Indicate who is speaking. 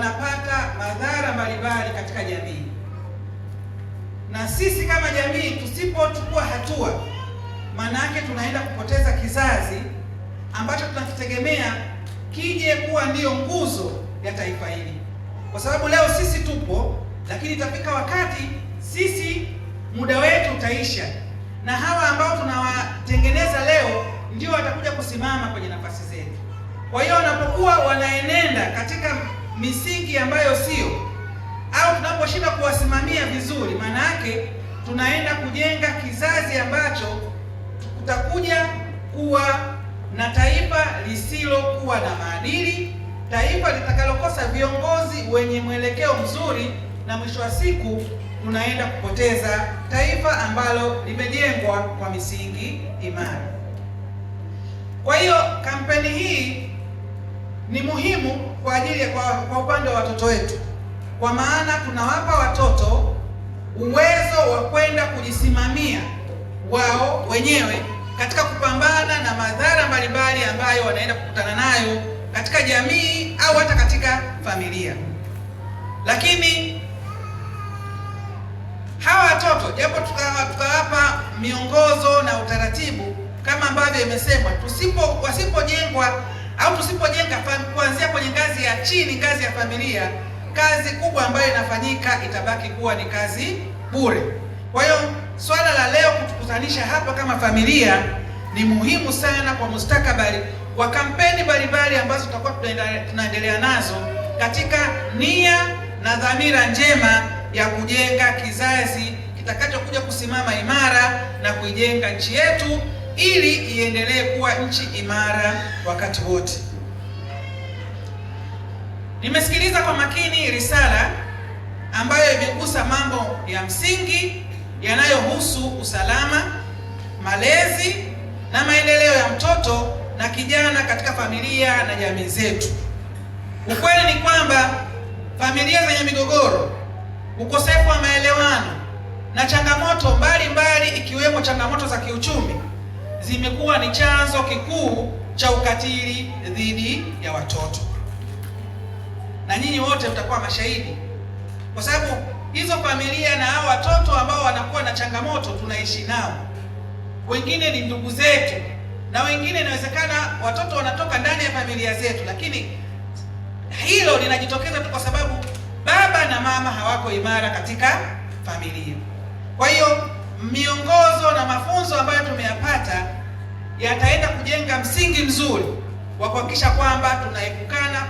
Speaker 1: wanapata madhara mbalimbali katika jamii, na sisi kama jamii tusipochukua hatua, maana yake tunaenda kupoteza kizazi ambacho tunakitegemea kije kuwa ndiyo nguzo ya taifa hili, kwa sababu leo sisi tupo, lakini itafika wakati sisi muda wetu utaisha, na hawa ambao tunawatengeneza leo ndio watakuja kusimama kwenye nafasi zetu. Kwa hiyo wanapokuwa wanaenenda katika misingi ambayo sio au tunaposhinda kuwasimamia vizuri, maana yake tunaenda kujenga kizazi ambacho kutakuja kuwa na taifa lisilokuwa na maadili, taifa litakalokosa viongozi wenye mwelekeo mzuri, na mwisho wa siku tunaenda kupoteza taifa ambalo limejengwa kwa misingi imara. Kwa hiyo kampeni hii ni muhimu kwa ajili ya kwa, kwa upande wa watoto wetu, kwa maana tunawapa watoto uwezo wa kwenda kujisimamia wao wenyewe katika kupambana na madhara mbalimbali ambayo wanaenda kukutana nayo katika jamii au hata katika familia. Lakini hawa watoto japo tukawapa tuka miongozo na utaratibu kama ambavyo imesemwa, tusipo wasipojengwa au tusipojenga kuanzia kwenye ngazi ya chini, ngazi ya familia, kazi kubwa ambayo inafanyika itabaki kuwa ni kazi bure. Kwa hiyo swala la leo kutukutanisha hapa kama familia ni muhimu sana kwa mustakabali wa kampeni mbalimbali ambazo tutakuwa tunaendelea nazo katika nia na dhamira njema ya kujenga kizazi kitakachokuja kusimama imara na kuijenga nchi yetu ili iendelee kuwa nchi imara wakati wote. Nimesikiliza kwa makini risala ambayo imegusa mambo ya msingi yanayohusu usalama, malezi na maendeleo ya mtoto na kijana katika familia na jamii zetu. Ukweli ni kwamba familia zenye migogoro, ukosefu wa maelewano na changamoto mbalimbali ikiwemo changamoto za kiuchumi zimekuwa ni chanzo kikuu cha ukatili dhidi ya watoto, na nyinyi wote mtakuwa mashahidi, kwa sababu hizo familia na hao watoto ambao wanakuwa na changamoto tunaishi nao, wengine ni ndugu zetu na wengine inawezekana watoto wanatoka ndani ya familia zetu, lakini hilo linajitokeza tu kwa sababu baba na mama hawako imara katika familia. Kwa hiyo miongozo na mafunzo ambayo tumeyapata yataenda kujenga msingi mzuri wa kuhakikisha kwamba tunaepukana